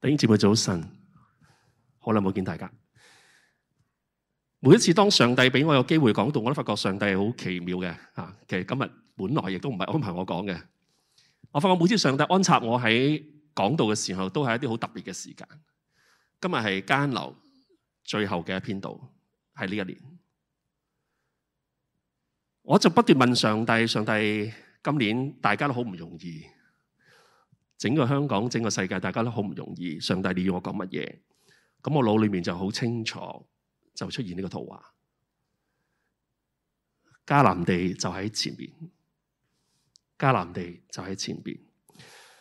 弟兄姊妹早晨，好耐冇見大家。每一次當上帝俾我有機會講道，我都發覺上帝好奇妙嘅啊！其實今日本來亦都唔係安排我講嘅，我發覺每次上帝安插我喺講道嘅時候，都係一啲好特別嘅時間。今日係加恩樓最後嘅一篇道，係呢一年，我就不斷問上帝：上帝，今年大家都好唔容易。整個香港、整個世界，大家都好唔容易。上帝，你要我講乜嘢？咁我腦裏面就好清楚，就出現呢個圖畫。迦南地就喺前面，迦南地就喺前面。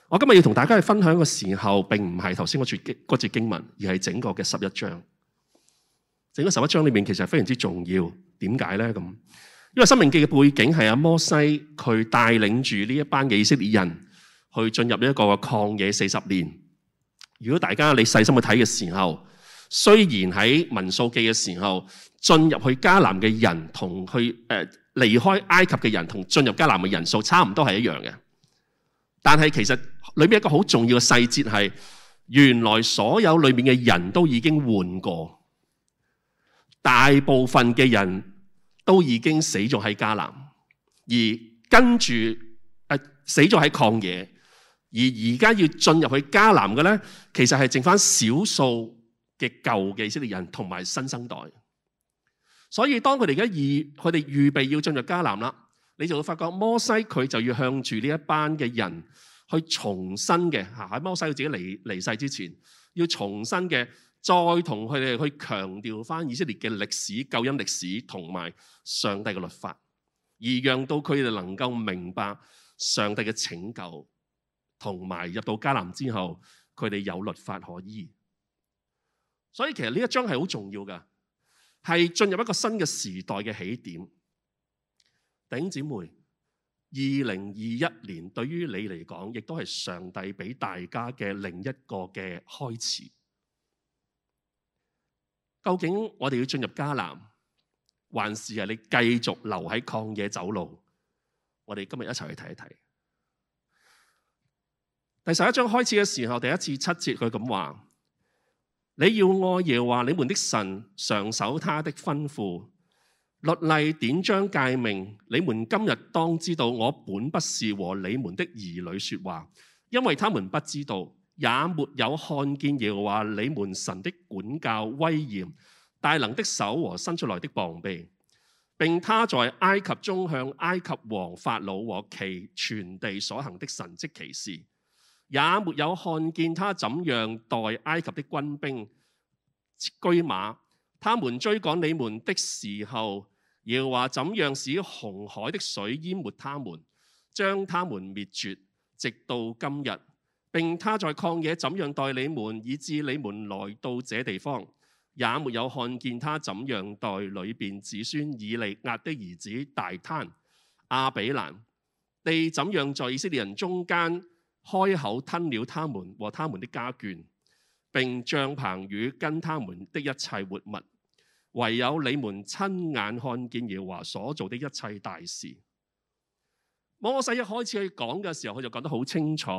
我今日要同大家去分享嘅時候，並唔係頭先我讀嗰節經文，而係整個嘅十一章。整個十一章裏面，其實非常之重要。點解咧？咁因為《申命記》嘅背景係阿摩西，佢帶領住呢一班以色列人。去進入一個曠野四十年。如果大家你細心去睇嘅時候，雖然喺民數記嘅時候進入去迦南嘅人同去誒離開埃及嘅人同進入迦南嘅人數差唔多係一樣嘅，但係其實裏面一個好重要嘅細節係，原來所有裏面嘅人都已經換過，大部分嘅人都已經死咗喺迦南，而跟住誒死咗喺曠野。而而家要進入去迦南嘅咧，其實係剩翻少數嘅舊嘅以色列人同埋新生代。所以當佢哋而家預佢哋預備要進入迦南啦，你就會發覺摩西佢就要向住呢一班嘅人去重新嘅嚇，喺摩西佢自己離離世之前，要重新嘅再同佢哋去強調翻以色列嘅歷史、救恩歷史同埋上帝嘅律法，而讓到佢哋能夠明白上帝嘅拯救。同埋入到迦南之後，佢哋有律法可依，所以其實呢一章係好重要噶，係進入一個新嘅時代嘅起點。頂姊妹，二零二一年對於你嚟講，亦都係上帝俾大家嘅另一個嘅開始。究竟我哋要進入迦南，還是係你繼續留喺曠野走路？我哋今日一齊去睇一睇。第十一章開始嘅時候，第一次七節佢咁話：你要愛耶和華你們的神，常守他的吩咐、律例、典章、誡命。你們今日當知道，我本不是和你們的兒女說話，因為他們不知道，也沒有看見耶和華你們神的管教威嚴、大能的手和伸出來的膀臂，並他在埃及中向埃及王法老和其全地所行的神蹟奇事。也沒有看見他怎樣待埃及的軍兵、車馬，他們追趕你們的時候，耶和華怎樣使紅海的水淹沒他們，將他們滅絕，直到今日，並他在曠野怎樣待你們，以至你們來到這地方，也沒有看見他怎樣待裡邊子孫以利押的兒子大坍、亞比蘭，地怎樣在以色列人中間。開口吞了他們和他們的家眷，並帳篷與跟他們的一切活物，唯有你們親眼看見耶和華所做的一切大事。摩西一開始就講嘅時候，佢就講得好清楚。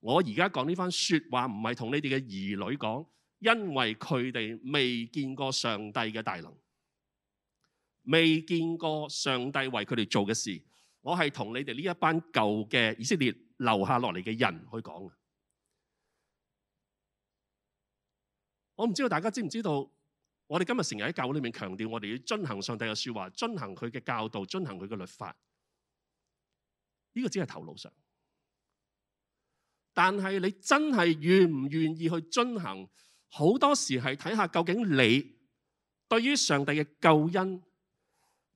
我而家講呢番說話唔係同你哋嘅兒女講，因為佢哋未見過上帝嘅大能，未見過上帝為佢哋做嘅事。我係同你哋呢一班舊嘅以色列。留下落嚟嘅人去講，我唔知道大家知唔知道，我哋今日成日喺教會裏面強調，我哋要遵行上帝嘅說話，遵行佢嘅教導，遵行佢嘅律法。呢個只係頭腦上，但係你真係願唔願意去遵行？好多時係睇下究竟你對於上帝嘅救恩，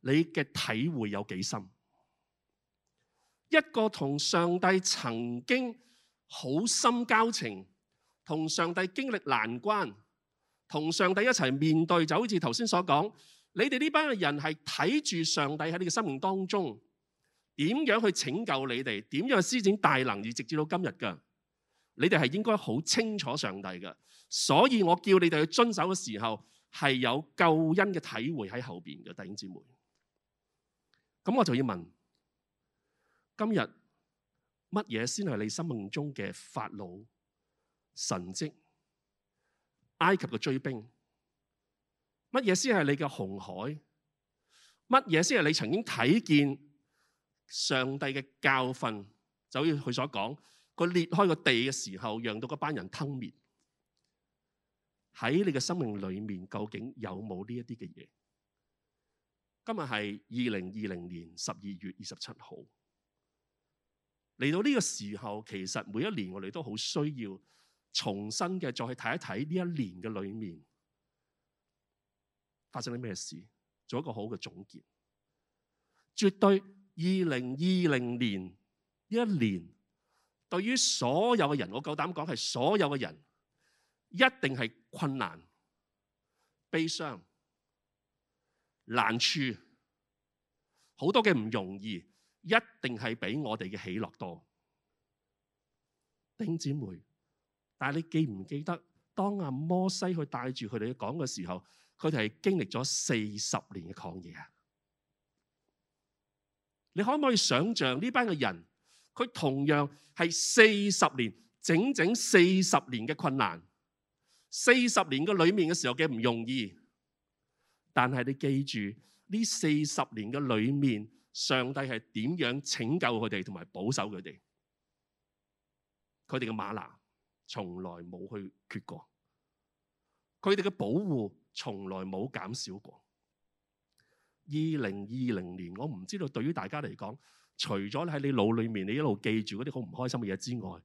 你嘅體會有幾深？一個同上帝曾經好深交情，同上帝經歷難關，同上帝一齊面對，就好似頭先所講，你哋呢班嘅人係睇住上帝喺你嘅生命當中點樣去拯救你哋，點樣去施展大能而直至到今日噶，你哋係應該好清楚上帝嘅，所以我叫你哋去遵守嘅時候係有救恩嘅體會喺後邊嘅弟兄姊妹，咁我就要問。今日乜嘢先係你生命中嘅法老、神跡、埃及嘅追兵？乜嘢先係你嘅紅海？乜嘢先係你曾經睇見上帝嘅教訓？就如佢所講，佢裂開個地嘅時候，讓到嗰班人吞滅。喺你嘅生命裏面，究竟有冇呢一啲嘅嘢？今日係二零二零年十二月二十七號。嚟到呢個時候，其實每一年我哋都好需要重新嘅再去睇一睇呢一年嘅裏面發生啲咩事，做一個好嘅總結。絕對二零二零年呢一年，對於所有嘅人，我夠膽講係所有嘅人一定係困難、悲傷、難處，好多嘅唔容易。一定係比我哋嘅喜樂多，丁姐妹。但係你記唔記得，當阿摩西去帶住佢哋講嘅時候，佢哋係經歷咗四十年嘅曠野啊！你可唔可以想象呢班嘅人，佢同樣係四十年，整整四十年嘅困難。四十年嘅裏面嘅時候幾唔容易，但係你記住呢四十年嘅裏面。上帝係點樣拯救佢哋同埋保守佢哋？佢哋嘅馬拿從來冇去缺過，佢哋嘅保護從來冇減少過。二零二零年，我唔知道對於大家嚟講，除咗喺你腦裏面你一路記住嗰啲好唔開心嘅嘢之外，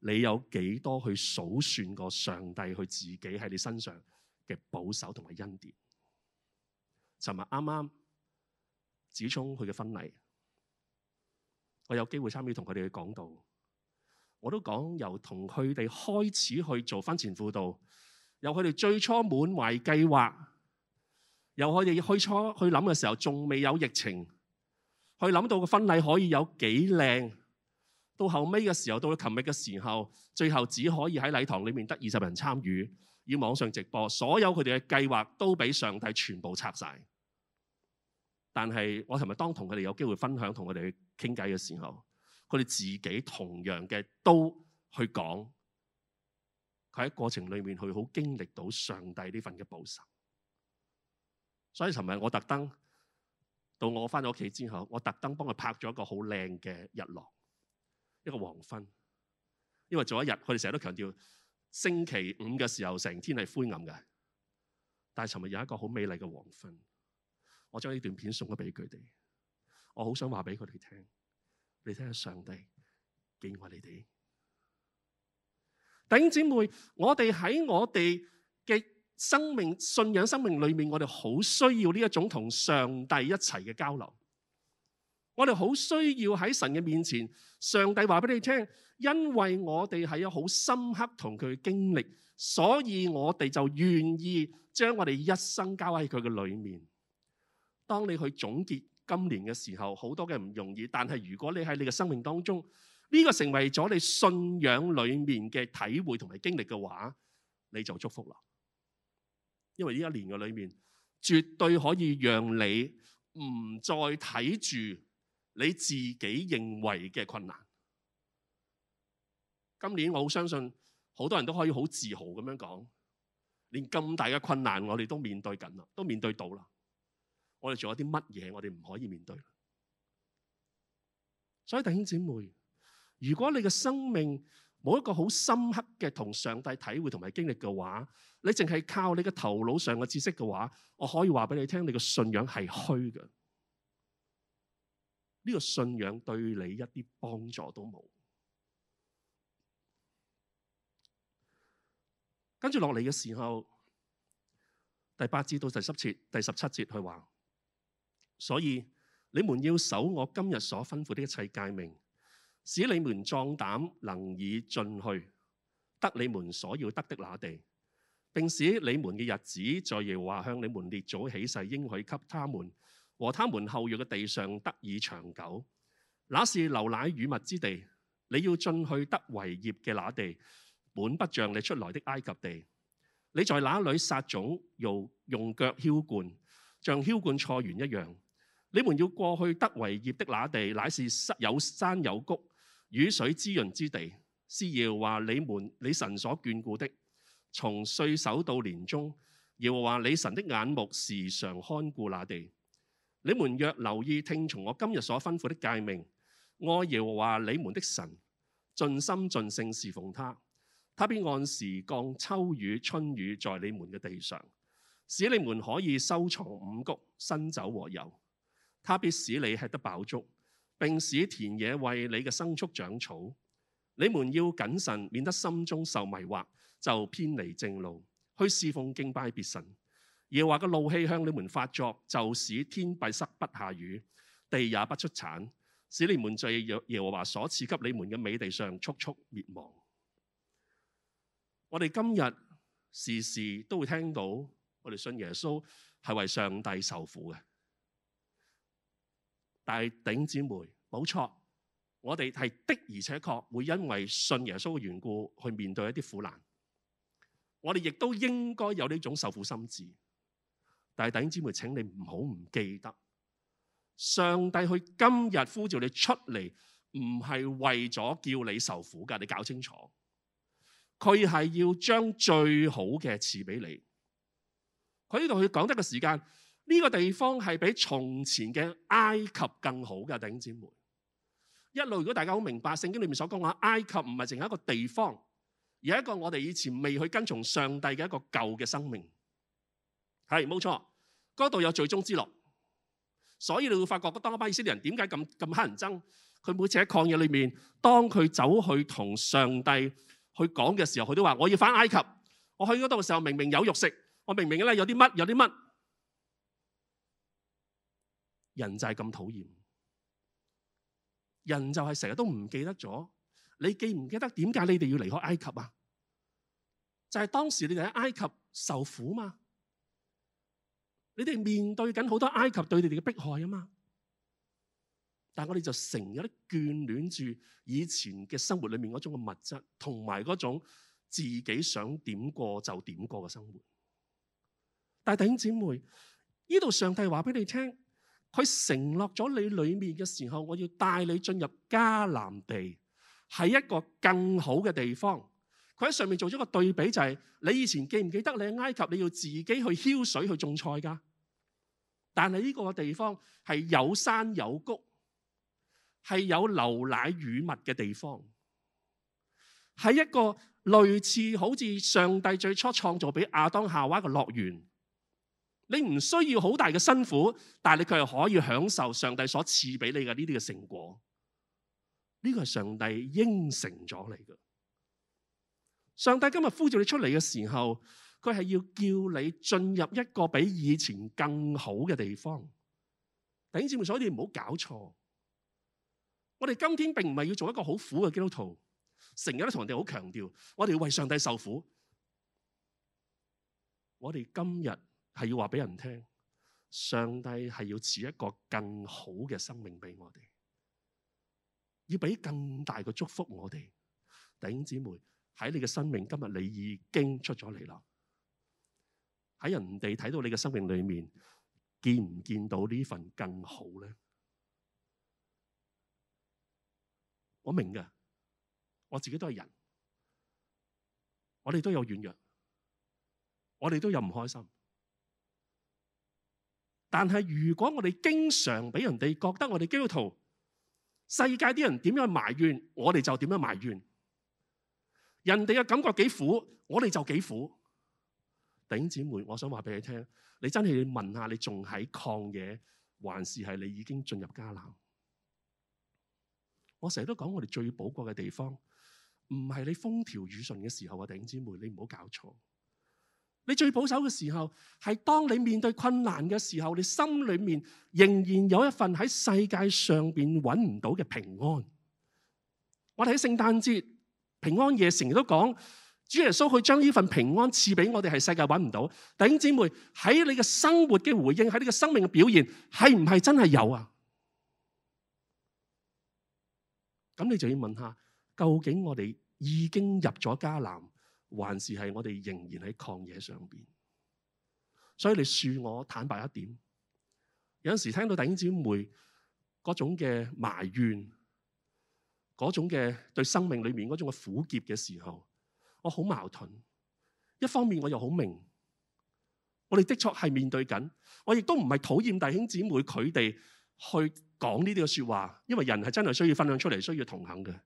你有幾多去數算過上帝佢自己喺你身上嘅保守同埋恩典？尋日啱啱。子聰佢嘅婚禮，我有機會參與同佢哋講道，我都講由同佢哋開始去做婚前輔導，由佢哋最初滿懷計劃，由佢哋去初去諗嘅時候仲未有疫情，去諗到個婚禮可以有幾靚，到後尾嘅時候，到咗琴日嘅時候，最後只可以喺禮堂裏面得二十人參與，以網上直播，所有佢哋嘅計劃都俾上帝全部拆晒。但係我尋日當同佢哋有機會分享，同佢哋去傾偈嘅時候，佢哋自己同樣嘅都去講，佢喺過程裡面佢好經歷到上帝呢份嘅保守。所以尋日我特登到我翻咗屋企之後，我特登幫佢拍咗一個好靚嘅日落，一個黃昏。因為早一日，佢哋成日都強調星期五嘅時候成天係灰暗嘅，但係尋日有一個好美麗嘅黃昏。我將呢段片送咗俾佢哋。我好想話俾佢哋聽，你聽下，上帝喜愛你哋弟兄姐妹。我哋喺我哋嘅生命、信仰、生命裏面，我哋好需要呢一種同上帝一齊嘅交流。我哋好需要喺神嘅面前。上帝話俾你聽，因為我哋係有好深刻同佢嘅經歷，所以我哋就願意將我哋一生交喺佢嘅裏面。當你去總結今年嘅時候，好多嘅唔容易。但係如果你喺你嘅生命當中，呢個成為咗你信仰裏面嘅體會同埋經歷嘅話，你就祝福啦。因為呢一年嘅裏面，絕對可以讓你唔再睇住你自己認為嘅困難。今年我好相信，好多人都可以好自豪咁樣講，連咁大嘅困難，我哋都面對緊啦，都面對到啦。我哋做咗啲乜嘢？我哋唔可以面對。所以弟兄姊妹，如果你嘅生命冇一個好深刻嘅同上帝體會同埋經歷嘅話，你淨係靠你嘅頭腦上嘅知識嘅話，我可以話俾你聽，你嘅信仰係虛嘅。呢個信仰對你一啲幫助都冇。跟住落嚟嘅時候，第八節到第十節，第十七節佢話。所以你們要守我今日所吩咐的一切誡命，使你們壯膽，能以進去得你們所要得的那地，並使你們嘅日子在耶和華向你們列祖起誓應許給他們和他們後裔嘅地上得以長久。那是流奶與蜜之地，你要進去得為業嘅那地，本不像你出來的埃及地。你在那裏撒種，用用腳澆灌，像澆灌菜園一樣。你們要過去得為業的那地，乃是有山有谷、雨水滋潤之地。是耶和華你們、你神所眷顧的，從歲首到年終，耶和華你神的眼目時常看顧那地。你們若留意聽從我今日所吩咐的誡命，愛耶和華你們的神，盡心盡性侍奉他，他必按時降秋雨、春雨在你們嘅地上，使你們可以收藏五穀、新酒和油。他必使你吃得飽足，並使田野為你嘅牲畜長草。你們要謹慎，免得心中受迷惑，就偏離正路，去侍奉敬拜別神。耶和華嘅怒氣向你們發作，就使天閉塞不下雨，地也不出產，使你們在耶和華所賜給你們嘅美地上速速滅亡。我哋今日時時都會聽到，我哋信耶穌係為上帝受苦嘅。但係弟兄姊妹，冇錯，我哋係的而且確會因為信耶穌嘅緣故去面對一啲苦難。我哋亦都應該有呢種受苦心志。但係弟兄姊妹，請你唔好唔記得，上帝佢今日呼召你出嚟，唔係為咗叫你受苦㗎，你搞清楚。佢係要將最好嘅賜俾你。佢呢度佢講得嘅時間。呢個地方係比從前嘅埃及更好嘅，弟兄姊妹。一路如果大家好明白聖經裏面所講，話埃及唔係淨係一個地方，而係一個我哋以前未去跟從上帝嘅一個舊嘅生命。係冇錯，嗰度有罪中之樂。所以你會發覺，當一班以色列人點解咁咁乞人憎？佢每次喺曠野裏面，當佢走去同上帝去講嘅時候，佢都話我要翻埃及。我去嗰度嘅時候，明明有肉食，我明明咧有啲乜，有啲乜。人就係咁討厭，人就係成日都唔記得咗。你記唔記得點解你哋要離開埃及啊？就係、是、當時你哋喺埃及受苦嘛，你哋面對緊好多埃及對你哋嘅迫害啊嘛。但係我哋就成日都眷戀住以前嘅生活裏面嗰種嘅物質，同埋嗰種自己想點過就點過嘅生活。但係弟兄姊妹，呢度上帝話俾你聽。佢承諾咗你裏面嘅時候，我要帶你進入迦南地，係一個更好嘅地方。佢喺上面做咗個對比，就是，就係你以前記唔記得你喺埃及你要自己去挑水去種菜？噶？但係呢個地方係有山有谷，係有牛奶乳物嘅地方，係一個類似好似上帝最初創造俾亞當夏娃嘅樂園。你唔需要好大嘅辛苦，但係你卻係可以享受上帝所賜俾你嘅呢啲嘅成果。呢個係上帝應承咗你嘅。上帝今日呼召你出嚟嘅時候，佢係要叫你進入一個比以前更好嘅地方。弟兄姊妹，所以你唔好搞錯。我哋今天並唔係要做一個好苦嘅基督徒，成日都同人哋好強調，我哋要為上帝受苦。我哋今日。係要話俾人聽，上帝係要賜一個更好嘅生命俾我哋，要俾更大嘅祝福我哋。弟兄姊妹，喺你嘅生命，今日你已經出咗嚟啦。喺人哋睇到你嘅生命裏面，見唔見到呢份更好咧？我明㗎，我自己都係人，我哋都有軟弱，我哋都有唔開心。但係如果我哋經常俾人哋覺得我哋基督徒，世界啲人點樣埋怨，我哋就點樣埋怨。人哋嘅感覺幾苦，我哋就幾苦。頂姊妹，我想話俾你聽，你真係要問下，你仲喺曠野，還是係你已經進入迦南？我成日都講，我哋最寶貴嘅地方，唔係你風調雨順嘅時候啊，頂姊妹，你唔好搞錯。你最保守嘅時候，係當你面對困難嘅時候，你心裏面仍然有一份喺世界上邊揾唔到嘅平安。我哋喺聖誕節平安夜成日都講，主耶穌佢將呢份平安賜俾我哋，係世界揾唔到。弟兄姊妹，喺你嘅生活嘅回應，喺你嘅生命嘅表現，係唔係真係有啊？咁你就要問下，究竟我哋已經入咗迦南。還是係我哋仍然喺曠野上邊，所以你恕我坦白一點，有陣時聽到弟兄姊妹嗰種嘅埋怨，嗰種嘅對生命裏面嗰種嘅苦澀嘅時候，我好矛盾。一方面我又好明，我哋的確係面對緊，我亦都唔係討厭弟兄姊妹佢哋去講呢啲嘅說話，因為人係真係需要分享出嚟，需要同行嘅。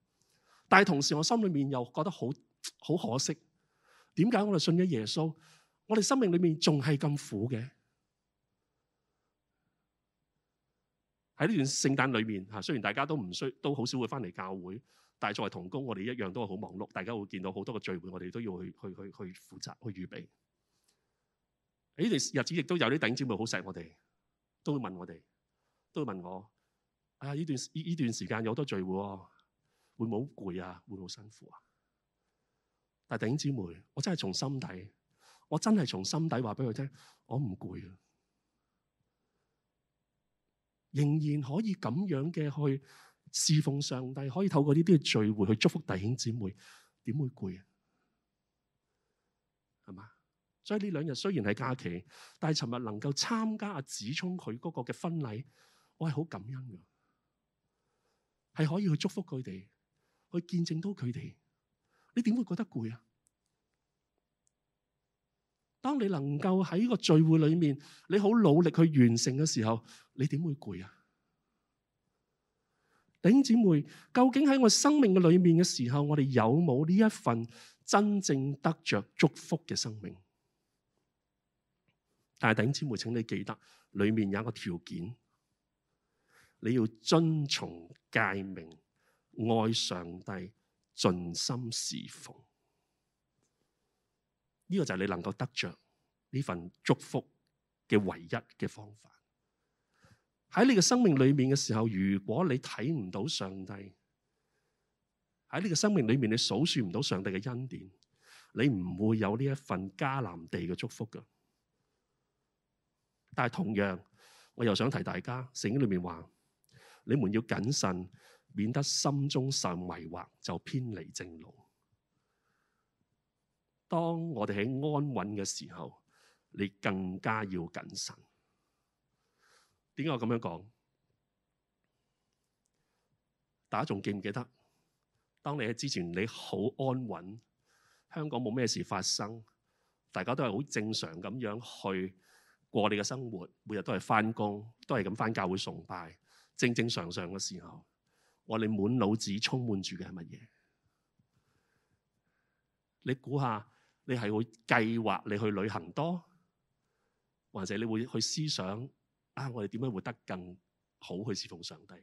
但係同時我心裏面又覺得好好可惜。點解我哋信咗耶穌，我哋生命裏面仲係咁苦嘅？喺呢段聖誕裏面，吓雖然大家都唔需，都好少會翻嚟教會，但係作為同工，我哋一樣都係好忙碌。大家會見到好多嘅聚會，我哋都要去去去去負責去，去預備。呢段日子亦都有啲弟兄姊妹好錫我哋，都會問我哋，都會問我：啊、哎，呢段呢呢段時間有好多聚會，會唔會好攰啊？會唔會好辛苦啊？弟兄姊妹，我真係從心底，我真係從心底話俾佢聽，我唔攰啊！仍然可以咁樣嘅去侍奉上帝，可以透過呢啲嘅聚會去祝福弟兄姊妹，點會攰啊？係嘛？所以呢兩日雖然係假期，但係尋日能夠參加阿子聰佢嗰個嘅婚禮，我係好感恩㗎，係可以去祝福佢哋，去見證到佢哋。你點會覺得攰啊？當你能夠喺個聚會裏面，你好努力去完成嘅時候，你點會攰啊？弟兄姊妹，究竟喺我生命嘅裏面嘅時候，我哋有冇呢一份真正得着祝福嘅生命？但係，弟兄姊妹，請你記得，裏面有一個條件，你要遵從誡命，愛上帝。盡心侍奉，呢個就係你能夠得着呢份祝福嘅唯一嘅方法。喺你嘅生命裏面嘅時候，如果你睇唔到上帝，喺你嘅生命裏面，你數算唔到上帝嘅恩典，你唔會有呢一份迦南地嘅祝福噶。但係同樣，我又想提大家，聖經裏面話，你們要謹慎。免得心中受迷惑，就偏離正路。當我哋喺安穩嘅時候，你更加要謹慎。點解我咁樣講？大家仲記唔記得？當你喺之前你好安穩，香港冇咩事發生，大家都係好正常咁樣去過你嘅生活，每日都係返工，都係咁返教會崇拜，正正常常嘅時候。我哋滿腦子充滿住嘅係乜嘢？你估下，你係會計劃你去旅行多，還是你會去思想啊？我哋點樣活得更好去侍奉上帝？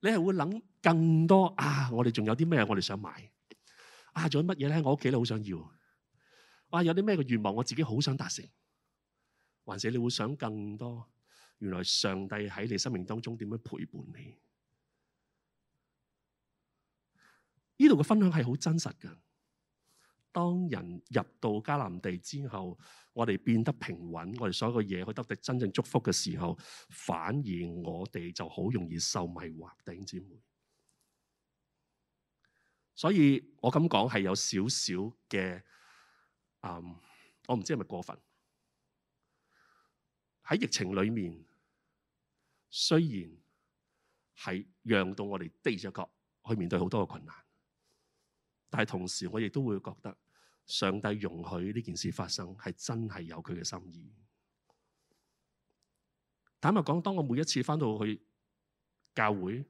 你係會諗更多啊？我哋仲有啲咩我哋想買啊？仲有乜嘢咧？我屋企咧好想要，哇、啊！有啲咩嘅願望我自己好想達成，還是你會想更多？原來上帝喺你生命當中點樣陪伴你？呢度嘅分享係好真實嘅。當人入到迦南地之後，我哋變得平穩，我哋所有嘅嘢去得到真正祝福嘅時候，反而我哋就好容易受迷惑，弟兄姊妹。所以我咁講係有少少嘅，嗯，我唔知係咪過分。喺疫情裏面，雖然係讓到我哋低咗腳去面對好多嘅困難。但係同時，我亦都會覺得上帝容許呢件事發生係真係有佢嘅心意。坦白講，當我每一次返到去教會，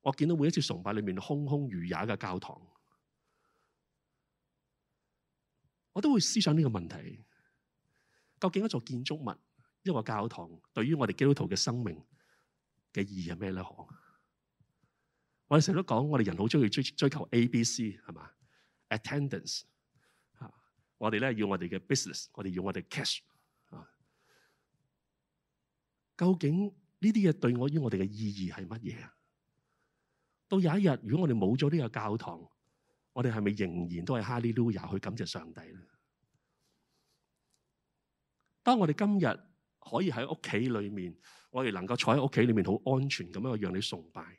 我見到每一次崇拜裏面空空如也嘅教堂，我都會思想呢個問題：究竟一座建築物，一個教堂對於我哋基督徒嘅生命嘅意義係咩咧？好？我哋成日都講，我哋人好中意追追求 A、B、C 係嘛，attendance。我哋咧要我哋嘅 business，我哋要我哋 cash。究竟呢啲嘢，對我於我哋嘅意義係乜嘢啊？到有一日，如果我哋冇咗呢個教堂，我哋係咪仍然都係哈利路亞去感謝上帝咧？當我哋今日可以喺屋企裏面，我哋能夠坐喺屋企裏面好安全咁樣，去讓你崇拜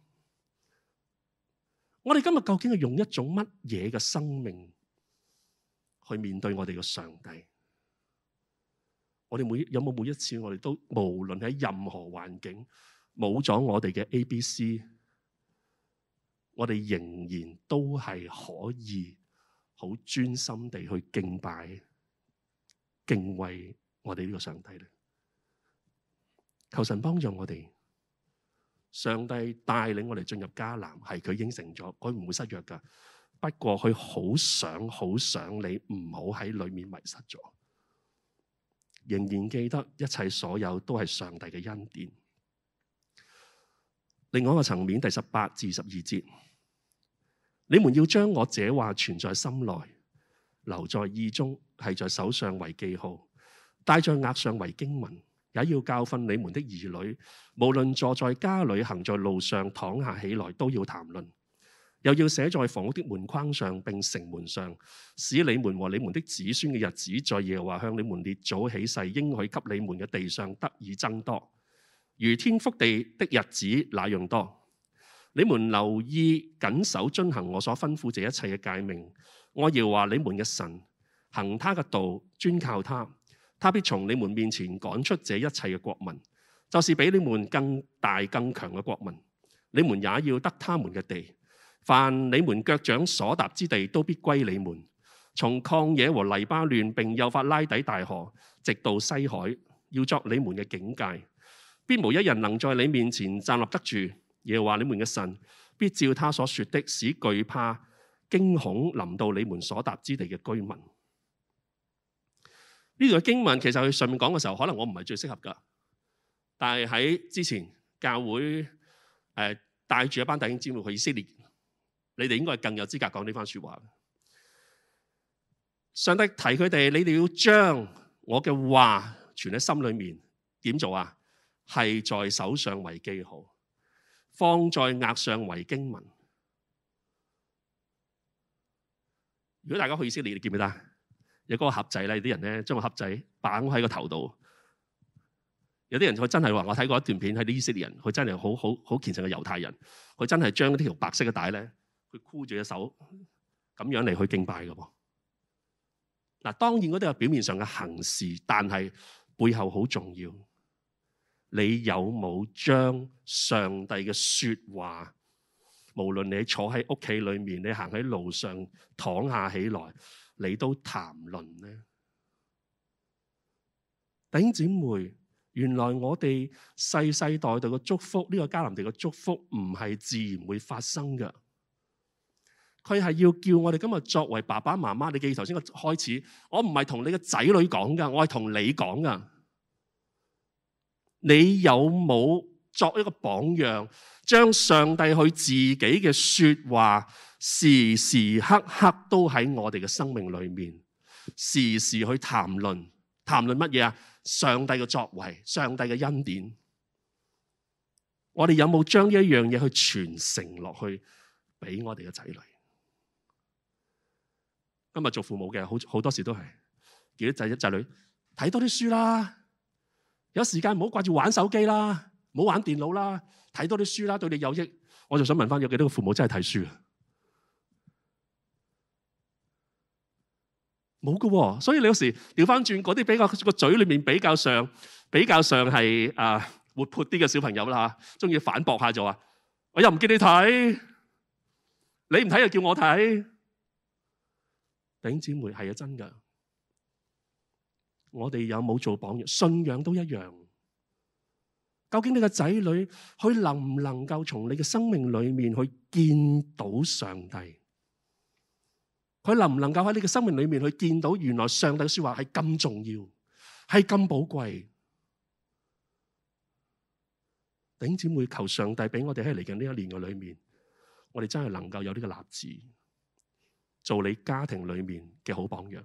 我哋今日究竟係用一種乜嘢嘅生命去面對我哋嘅上帝？我哋每有冇每一次我們，我哋都無論喺任何環境，冇咗我哋嘅 A、B、C，我哋仍然都係可以好專心地去敬拜、敬畏我哋呢個上帝呢？求神幫助我哋。上帝帶領我哋進入迦南，係佢應承咗，佢唔會失約噶。不過佢好想好想你唔好喺裏面迷失咗，仍然記得一切所有都係上帝嘅恩典。另外一個層面，第十八至十二節，你們要將我這話存在心內，留在意中，係在手上為記號，戴在額上為經文。也要教訓你們的兒女，無論坐在家裏、行在路上、躺下起來，都要談論；又要寫在房屋的門框上、並城門上，使你們和你們的子孫嘅日子，在耶和華向你們列祖起誓應許給你們嘅地上得以增多，如天覆地的日子那樣多。你們留意，謹守遵行我所吩咐這一切嘅誡命。我耶和華你們嘅神，行他嘅道，專靠他。他必從你們面前趕出這一切嘅國民，就是比你們更大更強嘅國民，你們也要得他們嘅地。凡你們腳掌所踏之地，都必歸你們。從曠野和黎巴嫩，並幼發拉底大河，直到西海，要作你們嘅境界。必無一人能在你面前站立得住。耶和華你們嘅神必照他所說的，使懼怕、驚恐臨到你們所踏之地嘅居民。呢個經文其實佢上面講嘅時候，可能我唔係最適合㗎。但係喺之前教會誒帶住一班弟兄姊妹去以色列，你哋應該係更有資格講呢番説話。上帝提佢哋，你哋要將我嘅話存喺心裏面，點做啊？係在手上為記號，放在額上為經文。如果大家去以色列，你記唔記得？你嗰個盒仔咧，有啲人咧將個盒仔綁喺個頭度。有啲人佢真係話，我睇過一段片，係啲以色列人，佢真係好好好虔誠嘅猶太人，佢真係將呢條白色嘅帶咧，佢箍住隻手咁樣嚟去敬拜嘅喎。嗱，當然嗰啲係表面上嘅行事，但係背後好重要。你有冇將上帝嘅説話，無論你坐喺屋企裏面，你行喺路上，躺下起來？你都談論呢，弟兄姊妹，原來我哋世世代代嘅祝福，呢、這個迦南地嘅祝福唔係自然會發生嘅。佢係要叫我哋今日作為爸爸媽媽，你記住頭先個開始，我唔係同你嘅仔女講噶，我係同你講噶。你有冇作一個榜樣，將上帝佢自己嘅説話？時時刻刻都喺我哋嘅生命裏面，時時去談論，談論乜嘢啊？上帝嘅作為、上帝嘅恩典。我哋有冇將呢一樣嘢去傳承落去俾我哋嘅仔女？今日做父母嘅，好好多時都係叫啲仔仔女睇多啲書啦，有時間唔好掛住玩手機啦，唔好玩電腦啦，睇多啲書啦，對你有益。我就想問翻，有幾多個父母真係睇書啊？冇噶，所以你有時調翻轉嗰啲比較個嘴裏面比較上比較上係啊活潑啲嘅小朋友啦，中意反駁下就話：我又唔見你睇，你唔睇又叫我睇。頂姊妹係啊真㗎，我哋有冇做榜樣？信仰都一樣。究竟你個仔女佢能唔能夠從你嘅生命裏面去見到上帝？佢能唔能夠喺你嘅生命裏面去見到原來上帝嘅說話係咁重要，係咁寶貴。頂姊妹求上帝俾我哋喺嚟緊呢一年嘅裏面，我哋真係能夠有呢個立志，做你家庭裏面嘅好榜樣。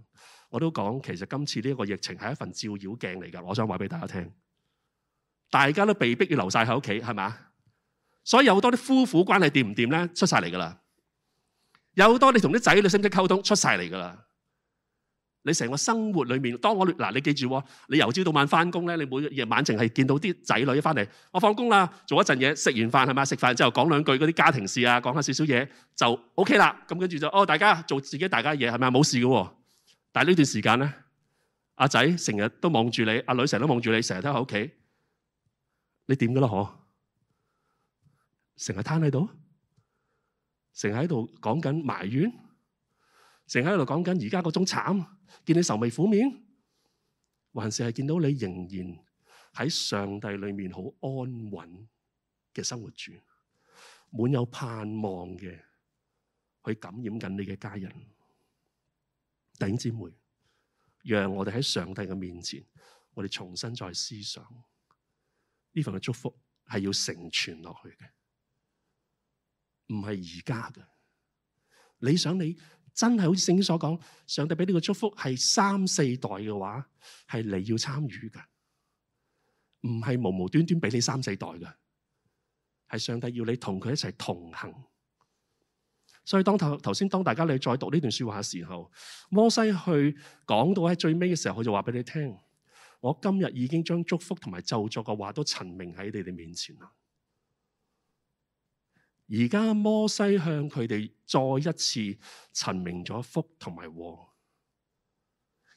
我都講，其實今次呢一個疫情係一份照妖鏡嚟噶，我想話俾大家聽，大家都被逼要留晒喺屋企，係咪啊？所以有好多啲夫婦關係掂唔掂咧？出晒嚟噶啦。有好多你同啲仔女識唔識溝通出晒嚟噶啦！你成個生活裏面，當我嗱，你記住，你由朝到晚翻工咧，你每日夜晚淨係見到啲仔女翻嚟，我放工啦，做一陣嘢，食完飯，係咪啊？食飯之後講兩句嗰啲家庭事啊，講下少少嘢就 OK 啦。咁跟住就哦，大家做自己大家嘢，係咪啊？冇事噶，但係呢段時間咧，阿仔成日都望住你，阿女成日都望住你，成日都喺屋企，你點噶啦？嗬，成日癱喺度。成日喺度講緊埋怨，成日喺度講緊而家嗰種慘，見你愁眉苦面，還是係見到你仍然喺上帝裏面好安穩嘅生活住，滿有盼望嘅去感染緊你嘅家人。弟兄姊妹，讓我哋喺上帝嘅面前，我哋重新再思想，呢份祝福係要成全落去嘅。唔係而家噶，你想你真係好似聖經所講，上帝俾你個祝福係三四代嘅話，係你要參與噶，唔係無無端端俾你三四代噶，係上帝要你同佢一齊同行。所以當頭頭先當大家你再讀呢段說話嘅時候，摩西去講到喺最尾嘅時候，佢就話俾你聽：我今日已經將祝福同埋咒詛嘅話都陳明喺你哋面前啦。而家摩西向佢哋再一次陳明咗福同埋禍，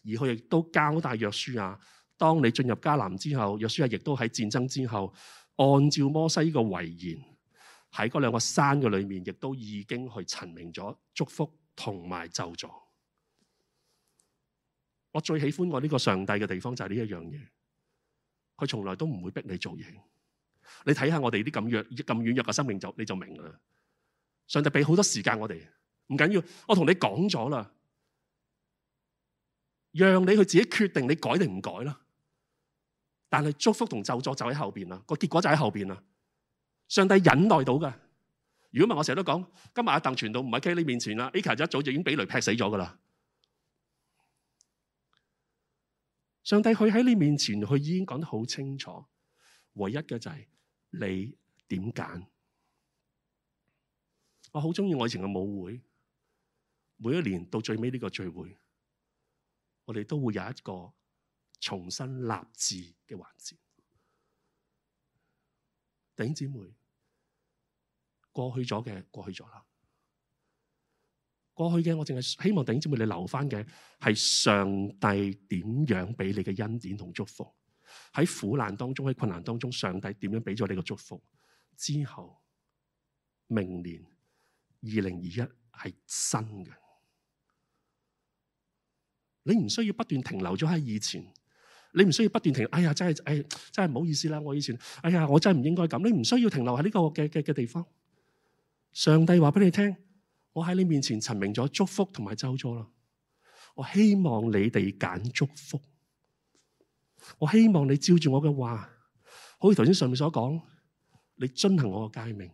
而佢亦都交代約書亞：當你進入迦南之後，約書亞亦都喺戰爭之後，按照摩西個遺言，喺嗰兩個山嘅裏面，亦都已經去陳明咗祝福同埋咒詛。我最喜歡我呢個上帝嘅地方就係呢一樣嘢，佢從來都唔會逼你做嘢。你睇下我哋啲咁弱、咁軟弱嘅生命就你就你就明噶啦。上帝俾好多時間我哋，唔緊要。我同你講咗啦，讓你去自己決定你改定唔改啦。但係祝福同咒詛就喺後邊啦，個結果就喺後邊啦。上帝忍耐到噶。如果唔係我成日都講，今日阿鄧傳道唔係企喺你面前啦，Aka 就一早就已經俾雷劈死咗噶啦。上帝佢喺你面前，佢已經講得好清楚，唯一嘅就係、是。你點揀？我好中意愛情嘅舞會，每一年到最尾呢個聚會，我哋都會有一個重新立志嘅環節。弟兄姐妹，過去咗嘅過去咗啦，過去嘅我淨係希望弟兄姐妹你留翻嘅係上帝點樣俾你嘅恩典同祝福。喺苦難當中，喺困難當中，上帝點樣俾咗你個祝福？之後明年二零二一係新嘅，你唔需要不斷停留咗喺以前，你唔需要不斷停留。哎呀，真係，哎，真係唔好意思啦！我以前，哎呀，我真係唔應該咁。你唔需要停留喺呢個嘅嘅嘅地方。上帝話俾你聽，我喺你面前陳明咗祝福同埋咒詛啦。我希望你哋揀祝福。我希望你照住我嘅話，好似頭先上面所講，你遵行我嘅誡命，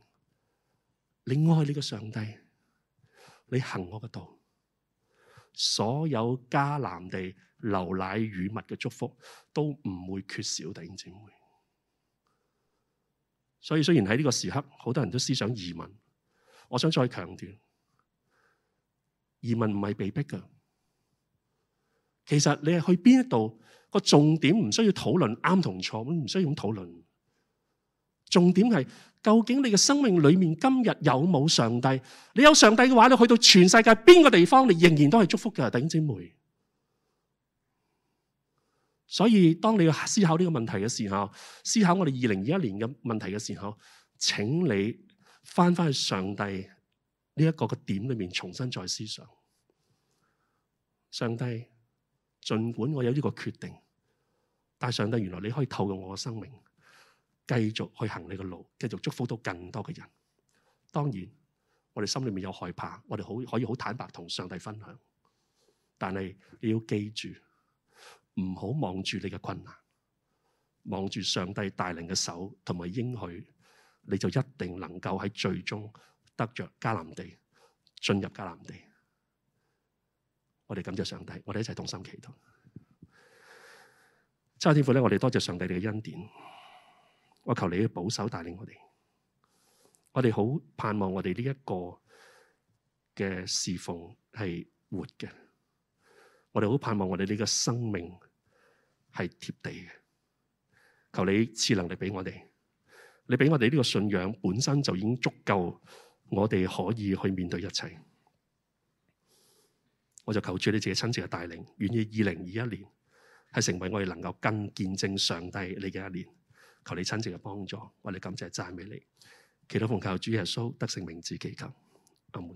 你愛你嘅上帝，你行我嘅道，所有迦南地流奶與蜜嘅祝福都唔會缺少弟兄姊妹。所以雖然喺呢個時刻，好多人都思想移民，我想再強調，移民唔係被逼嘅。其實你係去邊一度個重點唔需要討論啱同錯，唔需要咁討論。重點係究竟你嘅生命裏面今日有冇上帝？你有上帝嘅話，你去到全世界邊個地方，你仍然都係祝福嘅弟兄姐妹。所以當你要思考呢個問題嘅時候，思考我哋二零二一年嘅問題嘅時候，請你返返去上帝呢一個個點裏面，重新再思想上帝。盡管我有呢個決定，但上帝，原來你可以透過我嘅生命，繼續去行你嘅路，繼續祝福到更多嘅人。當然，我哋心裏面有害怕，我哋可以好坦白同上帝分享。但係你要記住，唔好望住你嘅困難，望住上帝帶領嘅手同埋應許，你就一定能夠喺最終得着迦南地，進入迦南地。我哋感謝上帝，我哋一齊同心祈禱。差天父咧，我哋多謝上帝你嘅恩典。我求你保守帶領我哋。我哋好盼望我哋呢一個嘅侍奉係活嘅。我哋好盼望我哋呢個生命係貼地嘅。求你賜能力俾我哋。你俾我哋呢個信仰本身就已經足夠，我哋可以去面對一切。我就求主你自己親自嘅帶領，願意二零二一年係成為我哋能夠更見證上帝你嘅一年。求你親自嘅幫助，我哋感謝讚美你。祈禱奉求主耶穌得勝名字祈求，阿門。